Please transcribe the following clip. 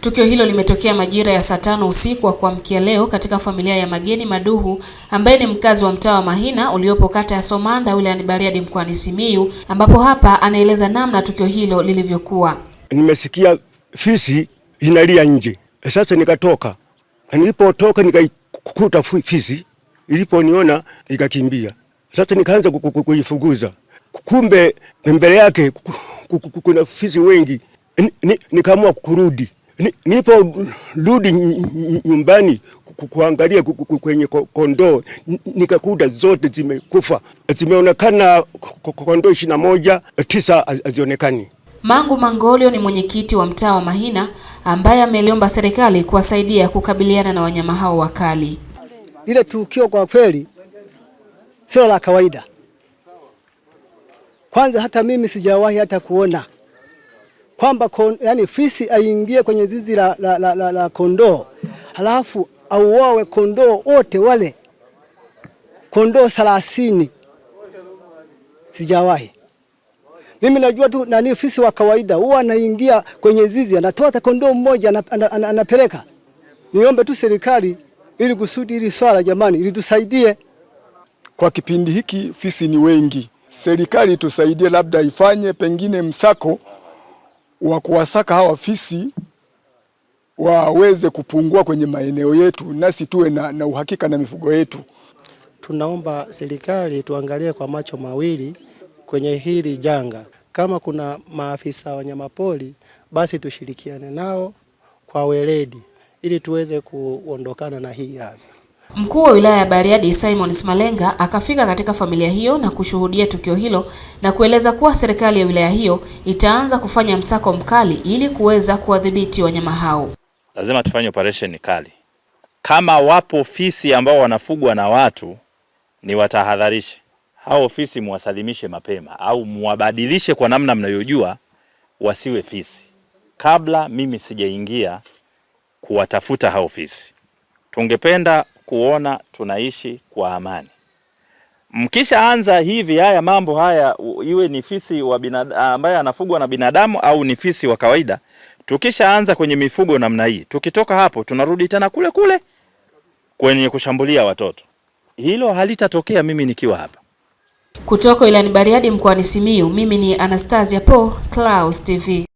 Tukio hilo limetokea majira ya saa tano usiku wa kuamkia leo katika familia ya Mageni Maduhu ambaye ni mkazi wa mtaa wa Mahina uliopo kata ya Somanda wilayani Bariadi mkoani Simiyu, ambapo hapa anaeleza namna tukio hilo lilivyokuwa. Nimesikia fisi inalia nje, e, sasa nikatoka, nilipotoka nikaikuta fisi, iliponiona ikakimbia. Sasa nikaanza kuifuguza, kumbe mbele yake kuna fisi wengi, nikaamua kurudi nipo rudi nyumbani kuangalia kwenye kondoo nikakuta zote zimekufa. Zimeonekana kondoo ishirini na moja, tisa hazionekani. Mangu Mangolio ni mwenyekiti wa mtaa wa Mahina ambaye ameliomba serikali kuwasaidia kukabiliana na wanyama hao wakali. Ile tukio kwa kweli sio la kawaida, kwanza hata mimi sijawahi hata kuona kwamba kon, yani fisi aingie kwenye zizi la, la, la, la, la kondoo halafu auawe kondoo wote wale, kondoo thelathini. Sijawahi mimi, najua tu nani fisi wa kawaida huwa anaingia kwenye zizi anatoa hata kondoo mmoja anapeleka. Niombe tu serikali ili kusudi hili swala jamani, ili tusaidie kwa kipindi hiki, fisi ni wengi. Serikali tusaidie, labda ifanye pengine msako wa kuwasaka hawa fisi waweze kupungua kwenye maeneo yetu, nasi tuwe na, na uhakika na mifugo yetu. Tunaomba serikali tuangalie kwa macho mawili kwenye hili janga. Kama kuna maafisa wanyamapori, basi tushirikiane nao kwa weledi ili tuweze kuondokana na hii hasa Mkuu wa wilaya ya Bariadi Simon Smalenga akafika katika familia hiyo na kushuhudia tukio hilo na kueleza kuwa serikali ya wilaya hiyo itaanza kufanya msako mkali ili kuweza kuwadhibiti wanyama hao. Lazima tufanye operation kali. Kama wapo fisi ambao wanafugwa na watu, ni watahadharishe hao ofisi, muwasalimishe mapema au muwabadilishe kwa namna mnayojua wasiwe fisi, kabla mimi sijaingia kuwatafuta hao fisi. Tungependa kuona tunaishi kwa amani. Mkishaanza hivi haya mambo haya, iwe ni fisi wa ambaye anafugwa na binadamu au ni fisi wa kawaida, tukishaanza kwenye mifugo namna hii, tukitoka hapo tunarudi tena kule kule kwenye kushambulia watoto. Hilo halitatokea mimi nikiwa hapa. Kutoka wilayani Bariadi mkoani Simiyu, mimi ni Anastasia Po, Clouds TV.